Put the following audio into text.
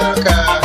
America.